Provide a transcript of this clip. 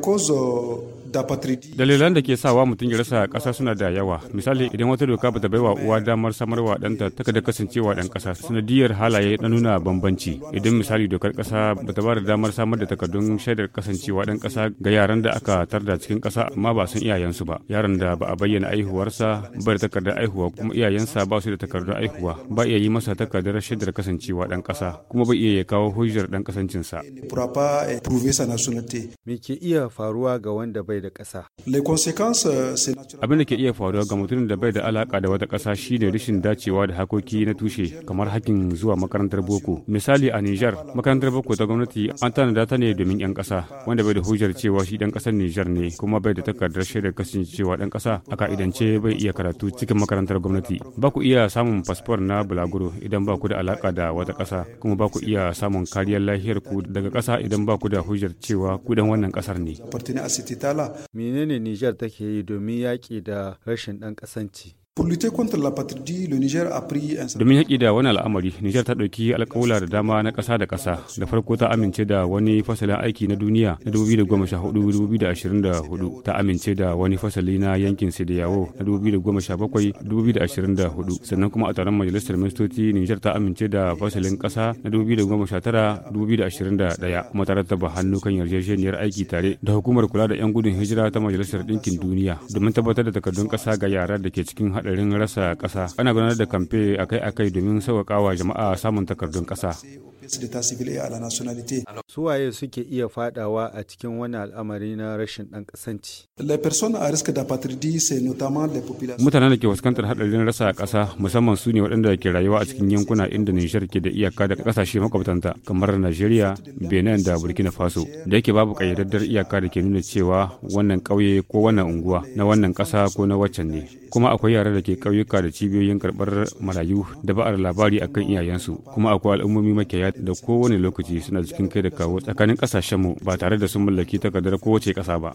coso Dalilan da ke sawa mutum ya rasa ƙasa suna da yawa. Misali idan wata doka ba bata wa uwa damar samarwa ɗanta takardar kasancewa ɗan ƙasa sanadiyar halaye na nuna bambanci. Idan misali dokar ƙasa bata ba da damar samar da takardun shaidar kasancewa dan ƙasa ga yaran da aka tarda cikin ƙasa amma ba san iyayensu ba. Yaran da ba a bayyana aihuwarsa ba da takardar aihuwa kuma iyayensa ba su da takardun aihuwa ba iya yi masa takardar shaidar kasancewa dan ƙasa kuma ba iya ya kawo hujjar dan ƙasancinsa. Me ke iya faruwa ga wanda bai da ƙasa. Euh, Abin ke iya faruwa ga mutumin da bai da alaƙa da wata ƙasa shi ne rashin dacewa da hakoki na tushe kamar hakkin zuwa makarantar boko. Misali a Nijar, makarantar boko ta gwamnati an tanada ta ne domin 'yan ƙasa wanda bai da hujjar cewa shi ɗan ƙasar Nijar ne kuma bai da takardar shaidar cewa ɗan ƙasa a ka'idance bai iya karatu cikin makarantar gwamnati. Ba ku iya samun fasfor na bulaguro idan ba ku da alaƙa da wata ƙasa kuma ba ku iya samun kariyar lahiyar ku daga ƙasa idan ba ku da hujjar cewa ku dan wannan ƙasar ne. Menene Nijar take yi domin yaƙi da rashin ɗan ƙasanci? Domin haƙi da wani al'amari, Nijar ta ɗauki alƙawula da dama na ƙasa da ƙasa. Da farko ta amince da wani fasalin aiki na duniya na 2014-2024, ta amince da wani fasali na yankin Sidiyawo na 2017-2024, sannan kuma a taron Majalisar Ministoci Nijar ta amince da fasalin ƙasa na 2019-2021, kuma ta rattaba hannu kan yarjejeniyar aiki tare da hukumar kula da 'yan gudun hijira ta Majalisar Ɗinkin Duniya domin tabbatar da takardun ƙasa ga yara da ke cikin haɗa garin rasa ƙasa ana gudanar da kamfe akai-akai domin sauƙaƙawa jama'a samun takardun ƙasa c'est ta civil et la nationalité. Suwaye suke iya fadawa a cikin wani al'amari na rashin dan kasanci. Les personnes à risque d'apatridie c'est notamment les populations. Mutanen da ke fuskantar hadarin rasa a ƙasa musamman su ne waɗanda ke rayuwa a cikin yankuna inda Nijar ke da iyaka da kasashe makwabtanta kamar Najeriya, Benin da Burkina Faso. Da yake babu ƙayyadaddar iyaka da ke nuna cewa wannan kauye ko wannan unguwa na wannan ƙasa ko na waccan ne. Kuma akwai yara da ke kauyuka da cibiyoyin karɓar marayu da ba'ar labari akan iyayensu kuma akwai al'ummomi makiyaya da kowane lokaci suna cikin kai da kawo tsakanin kasashenmu ba tare da sun mallaki takardar kowace ƙasa ba.